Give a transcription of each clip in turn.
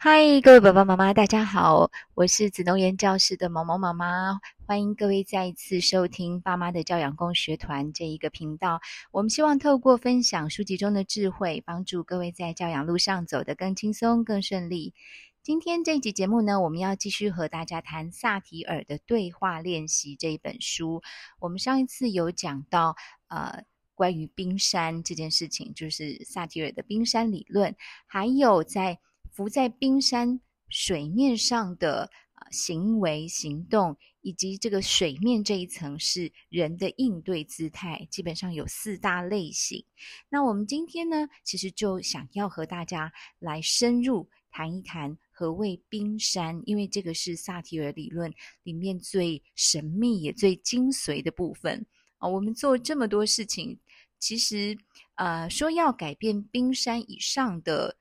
嗨，各位爸爸媽媽，大家好，我是子穠園教室的某某媽媽，歡迎各位再一次收聽《爸媽的教養共學團》這一個頻道。我們希望透過分享書籍中的智慧，幫助各位在教養路上走得更輕鬆、更順利。今天這一集節目呢，我們要繼續和大家談薩提爾的對話練習這一本書。我們上一次有講到，呃，關於冰山這件事情，就是薩提爾的冰山理論，還有在浮在冰山水面上的，啊，行為、行動，以及這個水面這一層是人的應對姿態，基本上有四大類型。那我們今天呢，其實就想要和大家來深入談一談何謂冰山，因為這個是薩提爾理論裡面最神秘也最精髓的部分啊。我們做這麼多事情，其實呃，說要改變冰山以上的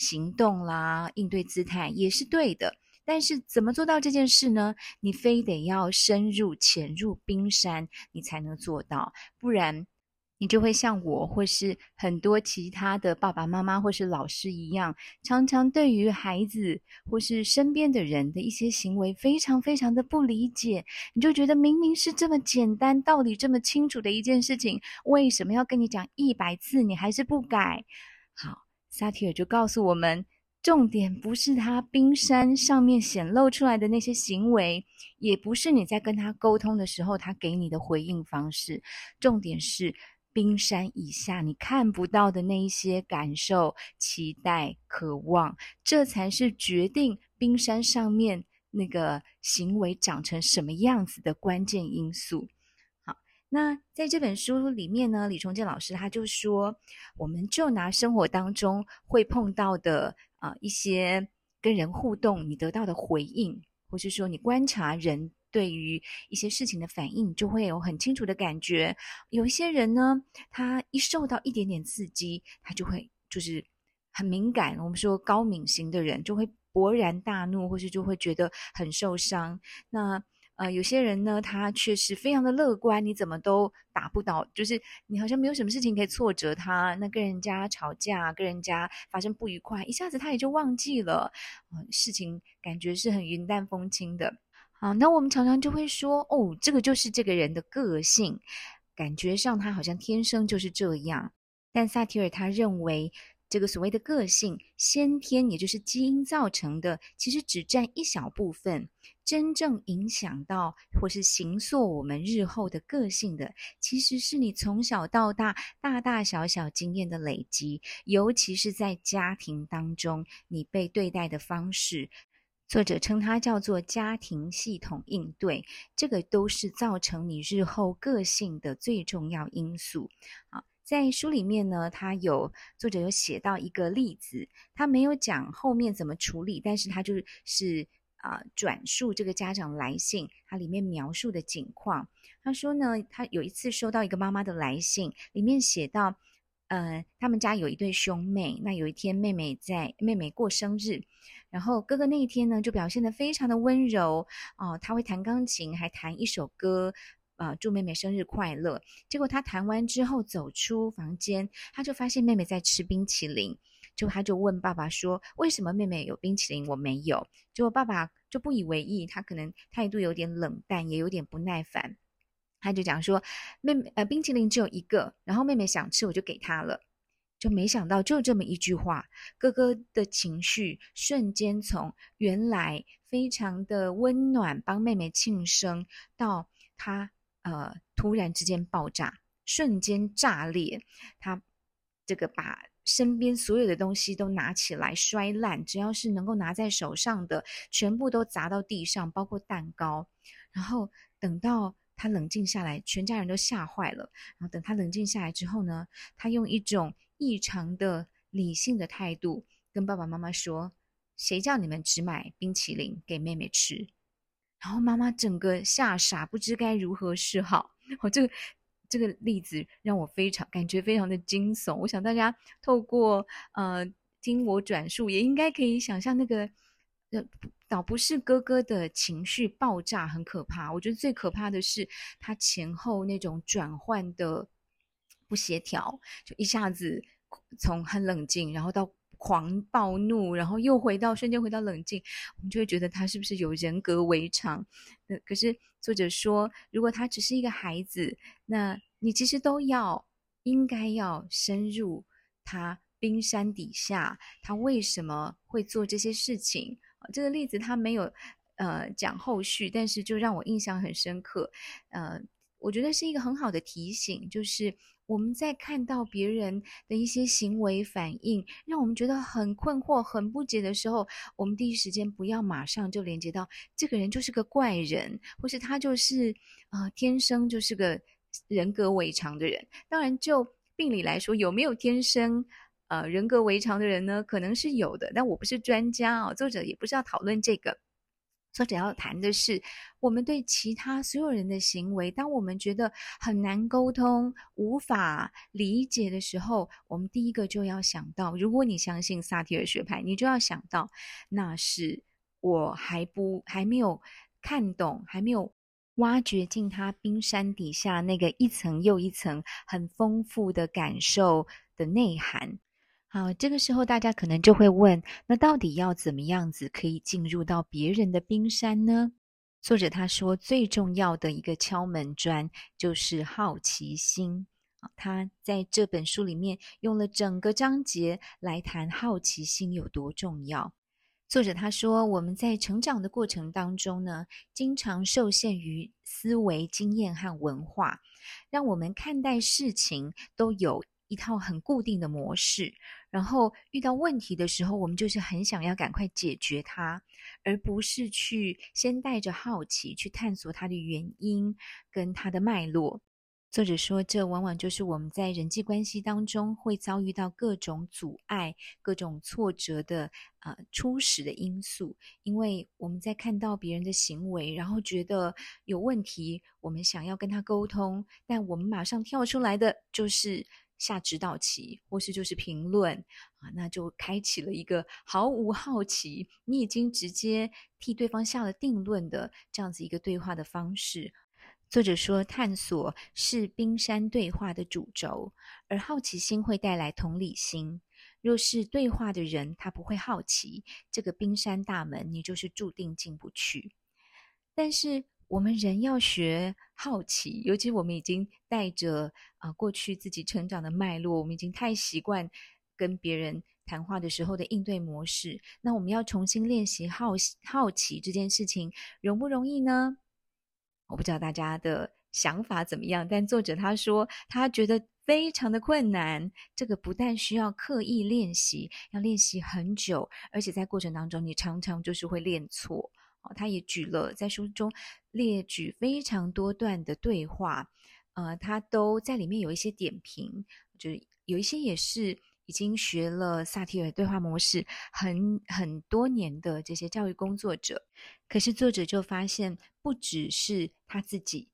行動啦，應對姿態也是對的，但是怎麼做到這件事呢？你非得要深入潛入冰山，你才能做到，不然你就會像我或是很多其他的爸爸媽媽或是老師一樣，常常對於孩子或是身邊的人的一些行為非常非常的不理解，你就覺得明明是這麼簡單道理這麼清楚的一件事情，為什麼要跟你講一百次，你還是不改？好。薩提爾就告訴我們，重點不是他冰山上面顯露出來的那些行為，也不是你在跟他溝通的時候他給你的回應方式，重點是冰山以下你看不到的那一些感受、期待、渴望，這才是決定冰山上面那個行為長成什麼樣子的關鍵因素。那在這本書裡面呢，李崇建老師他就說，我們就拿生活當中會碰到的啊、呃、一些跟人互動，你得到的回應，或是說你觀察人對於一些事情的反應，就會有很清楚的感覺。有一些人呢，他一受到一點點刺激，他就會就是很敏感。我們說高敏型的人就會勃然大怒，或是就會覺得很受傷。那啊、呃，有些人呢，他確實非常的樂觀，你怎麼都打不倒，就是你好像沒有什麼事情可以挫折他。那跟、個、人家吵架，跟人家發生不愉快，一下子他也就忘記了、呃，事情感覺是很雲淡風輕的。啊，那我們常常就會說，哦，這個就是這個人的個性，感覺上他好像天生就是這樣。但薩提爾他認為，這個所謂的個性，先天也就是基因造成的，其實只佔一小部分。真正影響到或是形塑我們日後的個性的，其實是你從小到大，大，大大小小經驗的累積，尤其是在家庭當中你被對待的方式。作者稱它叫做家庭系統應對，這個都是造成你日後個性的最重要因素。啊。在書裡面呢，他有作者有寫到一個例子，他沒有講後面怎麼處理，但是他就是啊、呃、轉述這個家長來信，他裡面描述的情況。他說呢，他有一次收到一個媽媽的來信，裡面寫到，嗯、呃，他們家有一對兄妹，那有一天妹妹在妹妹過生日，然後哥哥那一天呢就表現得非常的溫柔哦、呃，他會彈鋼琴，還彈一首歌。啊、呃，祝妹妹生日快樂。結果他談完之後走出房間，他就發現妹妹在吃冰淇淋，就他就問爸爸說：“為什麼妹妹有冰淇淋，我沒有？”結果爸爸就不以為意，他可能態度有點冷淡，也有點不耐煩。他就講說：“妹妹，呃，冰淇淋只有一個，然後妹妹想吃，我就給她了。”就沒想到就這麼一句話，哥哥的情緒瞬間從原來非常的溫暖，幫妹妹慶生到他。呃，突然之間爆炸，瞬間炸裂，他這個把身邊所有的東西都拿起來摔爛，只要是能夠拿在手上的，全部都砸到地上，包括蛋糕。然後等到他冷靜下來，全家人都嚇壞了。然後等他冷靜下來之後呢，他用一種異常的理性的態度跟爸爸媽媽說：“誰叫你們只買冰淇淋給妹妹吃？”然後媽媽整個嚇傻，不知該如何是好。我這個這個例子讓我非常感覺非常的驚悚。我想大家透過呃聽我轉述，也應該可以想象那個呃，倒不是哥哥的情緒爆炸很可怕。我覺得最可怕的是他前後那種轉換的不協調，就一下子從很冷靜，然後到。狂暴怒，然後又回到瞬間回到冷靜，我們就會覺得他是不是有人格違常？可是作者說，如果他只是一個孩子，那你其實都要應該要深入他冰山底下，他為什麼會做這些事情？這個例子他沒有，呃，講後續，但是就讓我印象很深刻，呃。我覺得是一個很好的提醒，就是我們在看到別人的一些行為反應，讓我們覺得很困惑、很不解的時候，我們第一時間不要馬上就連接到這個人就是個怪人，或是他就是啊、呃、天生就是個人格違常的人。當然，就病理來說，有沒有天生呃人格違常的人呢？可能是有的，但我不是專家啊、哦，作者也不是要討論這個。作者要談的是，我們對其他所有人的行為，當我們覺得很難溝通、無法理解的時候，我們第一個就要想到：如果你相信薩提爾學派，你就要想到，那是我還不，還沒有看懂，還沒有挖掘進他冰山底下那個一層又一層很豐富的感受的內涵。好，這個時候大家可能就會問：那到底要怎麼樣子可以進入到別人的冰山呢？作者他說，最重要的一個敲門磚就是好奇心。他在這本書裡面用了整個章節來談好奇心有多重要。作者他說，我們在成長的過程當中呢，經常受限於思維、經驗和文化，讓我們看待事情都有一套很固定的模式。然後遇到問題的時候，我們就是很想要趕快解決它，而不是去先帶着好奇去探索它的原因跟它的脈絡。作者說，這往往就是我們在人際關係當中會遭遇到各種阻礙、各種挫折的呃初始的因素，因為我們在看到別人的行為，然後覺得有問題，我們想要跟他溝通，但我們馬上跳出來的就是。下指導棋，或是就是評論啊，那就開啟了一個毫無好奇，你已經直接替對方下了定論的這樣子一個對話的方式。作者說，探索是冰山對話的主軸，而好奇心會帶來同理心。若是對話的人他不會好奇，這個冰山大門你就是注定進不去。但是。我們人要學好奇，尤其我們已經帶着啊、呃、過去自己成長的脈絡，我們已經太習慣跟別人談話的時候的應對模式。那我們要重新練習好奇，好奇這件事情容不容易呢？我不知道大家的想法怎麼樣，但作者他說他覺得非常的困難。這個不但需要刻意練習，要練習很久，而且在過程當中你常常就是會練錯。哦，他也舉了在書中列舉非常多段的對話，呃，他都在裡面有一些點評，就有一些也是已經學了薩提爾對話模式很很多年的這些教育工作者，可是作者就發現，不只是他自己，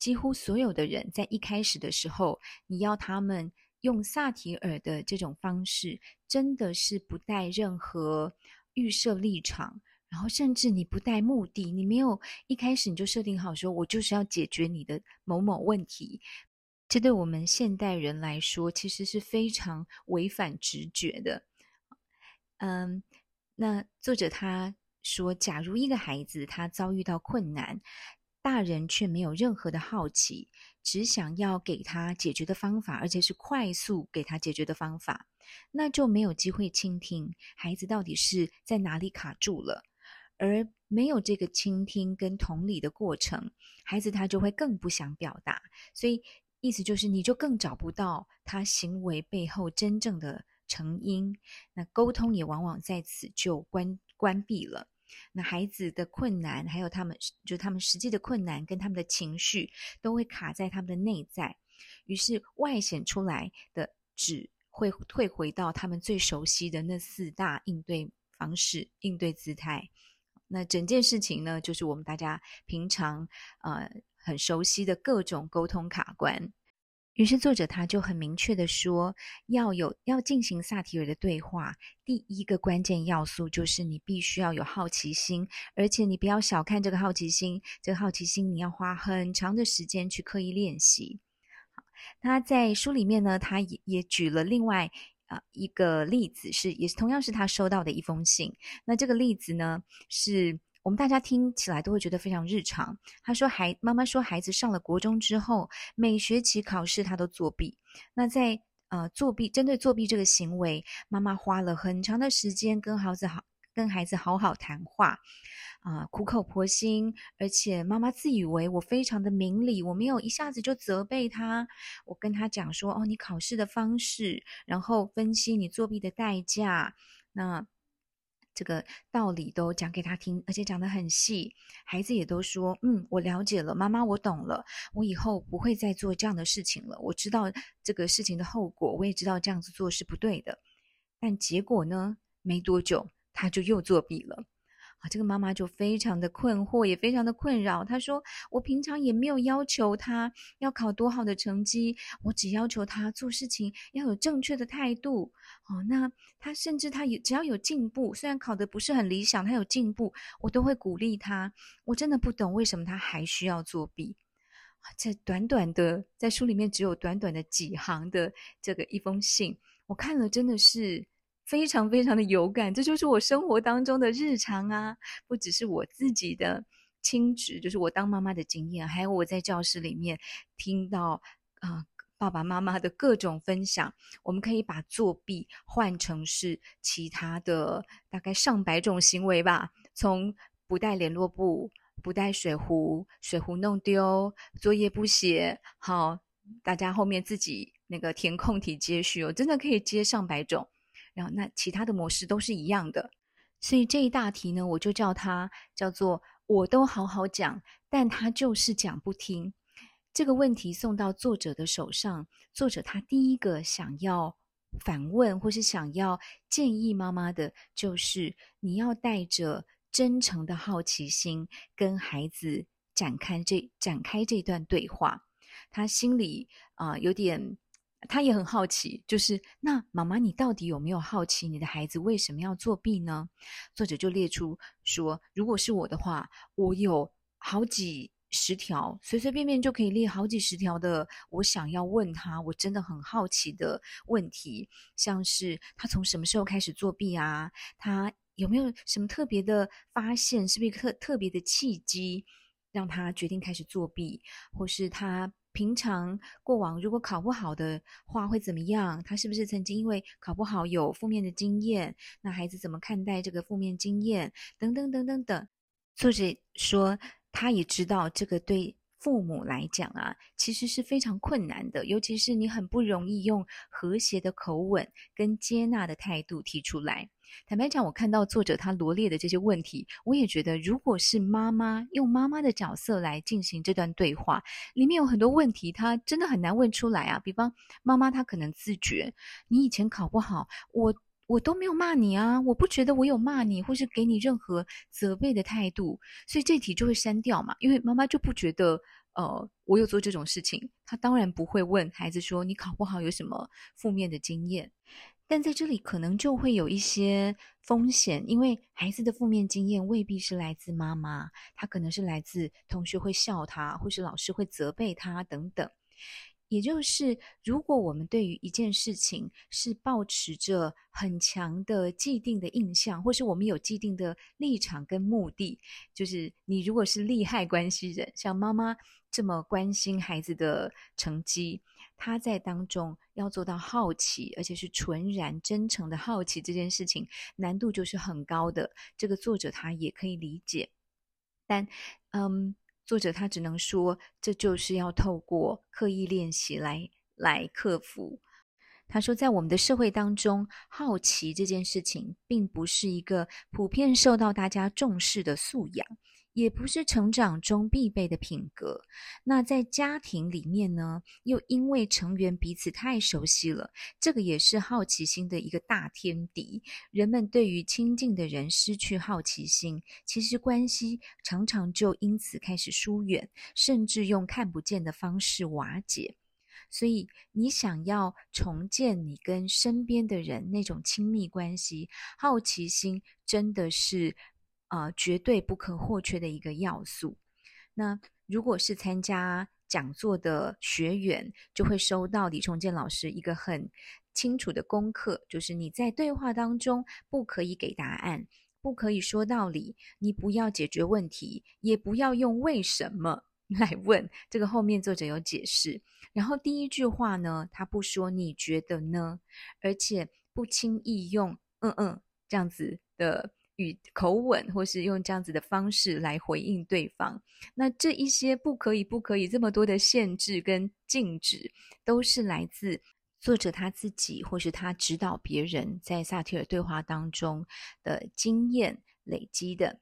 幾乎所有的人在一開始的時候，你要他們用薩提爾的這種方式，真的是不帶任何預設立場。然後，甚至你不帶目的，你沒有一開始你就設定好說，說我就是要解決你的某某問題。這對我們現代人來說，其實是非常違反直覺的。嗯，那作者他說，假如一個孩子他遭遇到困難，大人卻沒有任何的好奇，只想要給他解決的方法，而且是快速給他解決的方法，那就沒有機會傾聽孩子到底是在哪裡卡住了。而沒有這個傾聽跟同理的過程，孩子他就會更不想表達。所以，意思就是，你就更找不到他行為背後真正的成因。那溝通也往往在此就關關閉了。那孩子的困難，還有他們就他們實際的困難跟他們的情緒，都會卡在他們的內在，於是外顯出來的只會退回到他們最熟悉的那四大應對方式、應對姿態。那整件事情呢，就是我們大家平常呃很熟悉的各種溝通卡關。於是作者他就很明確地說，要有要進行薩提爾的對話，第一個關鍵要素就是你必須要有好奇心，而且你不要小看這個好奇心，這個好奇心你要花很長的時間去刻意練習。他在書裡面呢，他也也舉了另外。一個例子是，也是同樣是他收到的一封信。那這個例子呢，是我們大家聽起來都會覺得非常日常。他說，孩媽媽說，孩子上了國中之後，每學期考試他都作弊。那在呃作弊，針對作弊這個行為，媽媽花了很長的時間跟孩子好。跟孩子好好談話，啊、呃，苦口婆心，而且媽媽自以為我非常的明理，我沒有一下子就責備他，我跟他講說：“哦，你考試的方式，然後分析你作弊的代價，那這個道理都講給他聽，而且講得很細，孩子也都說：嗯，我了解了，媽媽，我懂了，我以後不會再做這樣的事情了，我知道這個事情的後果，我也知道這樣子做是不對的。但結果呢？沒多久。他就又作弊了，啊！這個媽媽就非常的困惑，也非常的困擾。她說：“我平常也沒有要求他要考多好的成績，我只要求他做事情要有正確的態度。哦，那他甚至他也只要有進步，雖然考的不是很理想，他有進步，我都會鼓勵他。我真的不懂為什麼他還需要作弊。啊！這短短的，在書裡面只有短短的幾行的這個一封信，我看了真的是。”非常非常的有感，這就是我生活當中的日常啊！不只是我自己的親職，就是我當媽媽的經驗，還有我在教室裡面聽到啊、呃、爸爸媽媽的各種分享。我們可以把作弊換成是其他的大概上百種行為吧，從不帶聯絡簿、不帶水壺、水壺弄丟、作業不寫，好，大家後面自己那個填空題接續，我真的可以接上百種。然後，那其他的模式都是一樣的，所以這一大題呢，我就叫他叫做“我都好好講，但他就是講不聽”。這個問題送到作者的手上，作者他第一個想要反問，或是想要建議媽媽的，就是你要帶着真誠的好奇心，跟孩子展開這，展開這段對話。他心裡啊有點。他也很好奇，就是那媽媽，你到底有沒有好奇你的孩子為什麼要作弊呢？作者就列出說，如果是我的話，我有好幾十條，隨隨便便就可以列好幾十條的，我想要問他，我真的很好奇的問題，像是他從什麼時候開始作弊啊？他有沒有什麼特別的發現？是不是特特別的契機，讓他決定開始作弊，或是他？平常過往如果考不好的話會怎麼樣？他是不是曾經因為考不好有負面的經驗？那孩子怎麼看待這個負面經驗？等等等等等。作者說他也知道這個對父母來講啊，其實是非常困難的，尤其是你很不容易用和諧的口吻跟接納的態度提出來。坦白講，我看到作者他羅列的這些問題，我也覺得，如果是媽媽用媽媽的角色來進行這段對話，裡面有很多問題，她真的很難問出來啊。比方媽媽她可能自覺，你以前考不好，我我都沒有罵你啊，我不覺得我有罵你或是給你任何責備的態度，所以這題就會刪掉嘛，因為媽媽就不覺得，呃，我有做這種事情，她當然不會問孩子說你考不好有什麼負面的經驗。但在這裡可能就會有一些風險，因為孩子的負面經驗未必是來自媽媽，他可能是來自同學會笑他，或是老師會責備他等等。也就是，如果我們對於一件事情是抱持着很強的既定的印象，或是我們有既定的立場跟目的，就是你如果是利害關係人，像媽媽這麼關心孩子的成績。他在當中要做到好奇，而且是純然真誠的好奇這件事情，難度就是很高的。這個作者他也可以理解，但，嗯，作者他只能說，這就是要透過刻意練習來來克服。他說，在我們的社會當中，好奇這件事情並不是一個普遍受到大家重視的素養。也不是成長中必備的品格。那在家庭裡面呢，又因為成員彼此太熟悉了，這個也是好奇心的一個大天敵。人們對於親近的人失去好奇心，其實關係常常就因此開始疏遠，甚至用看不見的方式瓦解。所以，你想要重建你跟身邊的人那種親密關係，好奇心真的是。呃，絕對不可或缺的一個要素。那如果是參加講座的學員，就會收到李崇建老師一個很清楚的功課，就是你在對話當中不可以給答案，不可以說道理，你不要解決問題，也不要用為什麼來問。這個後面作者有解釋。然後第一句話呢，他不說你覺得呢，而且不輕易用嗯嗯這樣子的，與口吻，或是用這樣子的方式來回應對方，那這一些不可以、不可以這麼多的限制跟禁止，都是來自作者他自己，或是他指導別人在薩提爾對話當中的經驗累積的。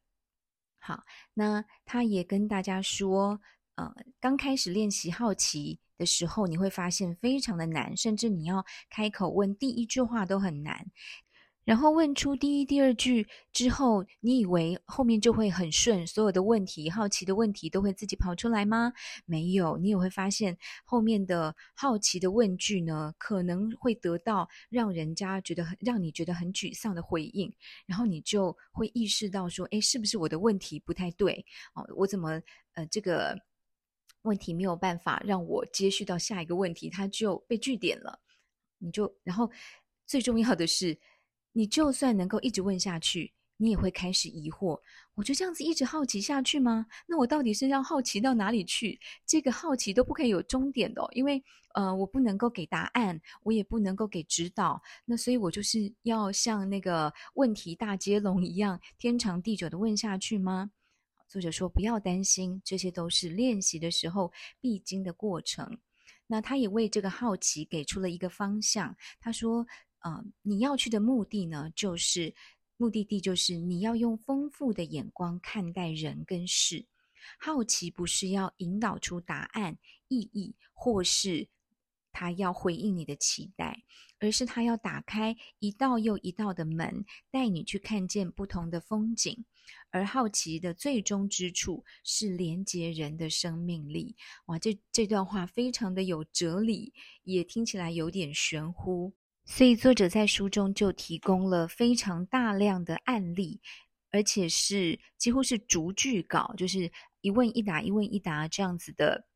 好，那他也跟大家說，呃，剛開始練習好奇的時候，你會發現非常的難，甚至你要開口問第一句話都很難。然後問出第一、第二句之後，你以為後面就會很順，所有的問題、好奇的問題都會自己跑出來嗎？沒有，你也會發現後面的好奇的問句呢，可能會得到讓人家覺得很、讓你覺得很沮喪的回應。然後你就會意識到說：“哎，是不是我的問題不太對？哦，我怎麼呃這個問題沒有辦法讓我接續到下一個問題，它就被句點了？”你就然後最重要的是。你就算能夠一直問下去，你也會開始疑惑：我就這樣子一直好奇下去嗎？那我到底是要好奇到哪裡去？這個好奇都不可以有終點的？哦，因為呃，我不能夠給答案，我也不能夠給指導。那所以，我就是要像那個問題大接龍一樣，天長地久的問下去嗎？作者說：不要擔心，這些都是練習的時候必經的過程。那他也為這個好奇給出了一個方向，他說。啊、嗯，你要去的目的呢，就是目的地，就是你要用豐富的眼光看待人跟事。好奇不是要引導出答案、意義，或是他要回應你的期待，而是他要打開一道又一道的門，帶你去看見不同的風景。而好奇的最終之處是連接人的生命力。哇，這這段話非常的有哲理，也聽起來有點玄乎。所以，作者在書中就提供了非常大量的案例，而且是幾乎是逐句稿，就是一問一答、一問一答這樣子的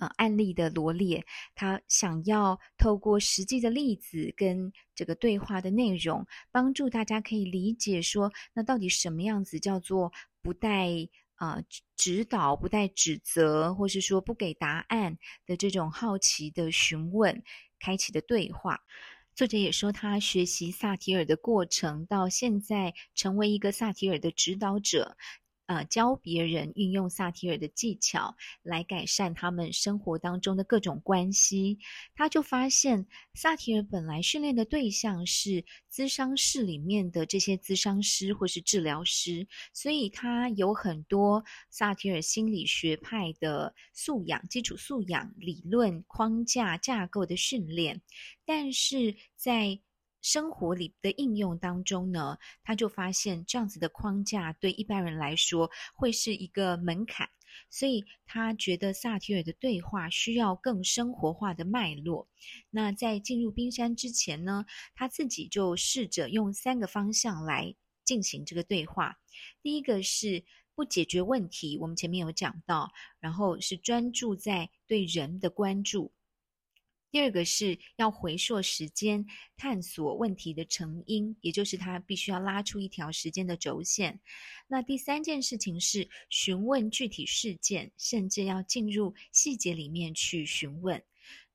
呃案例的羅列。他想要透過實際的例子跟這個對話的內容，幫助大家可以理解說，那到底什麼樣子叫做不帶啊、呃、指導、不帶指責，或是說不給答案的這種好奇的詢問、開啟的對話。作者也說，他學習薩提爾的過程，到現在成為一個薩提爾的指導者。呃，教別人運用薩提爾的技巧來改善他們生活當中的各種關係，他就發現薩提爾本來訓練的對象是諮商室裡面的這些諮商師或是治療師，所以他有很多薩提爾心理學派的素養、基礎素養、理論框架架構的訓練，但是在生活裡的應用當中呢，他就發現這樣子的框架對一般人來說會是一個門檻，所以他覺得薩提爾的對話需要更生活化的脈絡。那在進入冰山之前呢，他自己就試着用三個方向來進行這個對話。第一個是不解決問題，我們前面有講到，然後是專注在對人的關注。第二個是要回溯時間，探索問題的成因，也就是他必須要拉出一條時間的軸線。那第三件事情是詢問具體事件，甚至要進入細節裡面去詢問。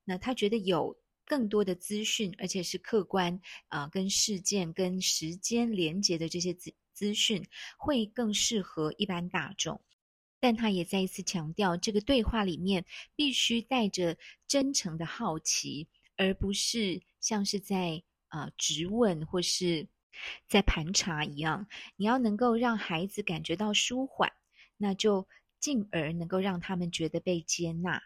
那他覺得有更多的資訊，而且是客觀啊、呃，跟事件跟時間連結的這些資資訊，會更適合一般大眾。但他也再一次強調，這個對話裡面必須帶着真誠的好奇，而不是像是在呃質問或是在盤查一樣。你要能夠讓孩子感覺到舒緩，那就進而能夠讓他們覺得被接納。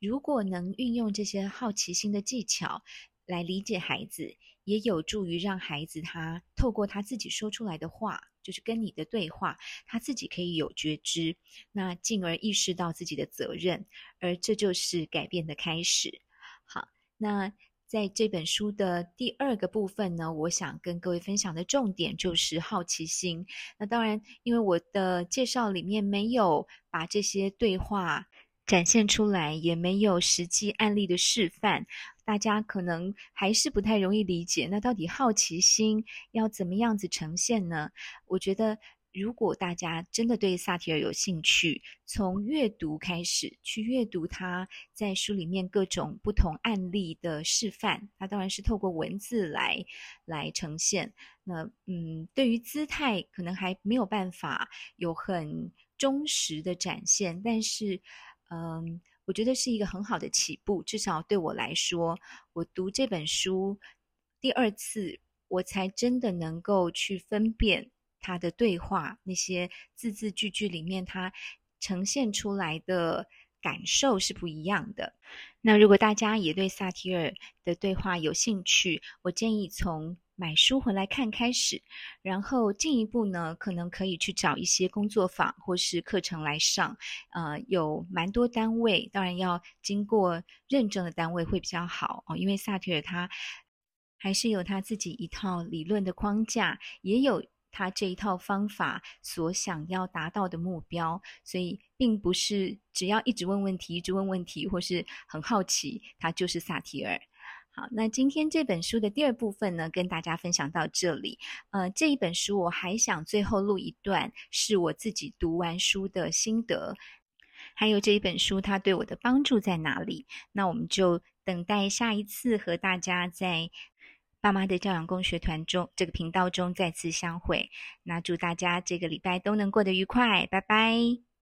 如果能運用這些好奇心的技巧來理解孩子，也有助於讓孩子他透過他自己說出來的話，就是跟你的對話，他自己可以有覺知，那進而意識到自己的責任，而這就是改變的開始。好，那在這本書的第二個部分呢，我想跟各位分享的重點就是好奇心。那當然，因為我的介紹裡面沒有把這些對話展現出來，也沒有實際案例的示範。大家可能還是不太容易理解，那到底好奇心要怎麼樣子呈現呢？我覺得，如果大家真的對薩提爾有興趣，從閱讀開始去閱讀他在書裡面各種不同案例的示範，他當然是透過文字來來呈現。那嗯，對於姿態可能還沒有辦法有很忠實的展現，但是嗯。我覺得是一個很好的起步，至少對我來說，我讀這本書第二次，我才真的能夠去分辨他的對話，那些字字句句裡面他呈現出來的感受是不一樣的。那如果大家也對薩提爾的對話有興趣，我建議從買書回來看開始，然後進一步呢，可能可以去找一些工作坊或是課程來上。呃，有蠻多單位，當然要經過認證的單位會比較好哦，因為薩提爾他還是有他自己一套理論的框架，也有他這一套方法所想要達到的目標，所以並不是只要一直問問題、一直問問題或是很好奇，他就是薩提爾。好，那今天這本書的第二部分呢，跟大家分享到這裡。呃，這一本書我還想最後錄一段，是我自己讀完書的心得。還有這一本書它對我的幫助在哪裡？那我們就等待下一次和大家在爸媽的教養共學團中這個頻道中再次相會。那祝大家這個禮拜都能過得愉快，拜拜。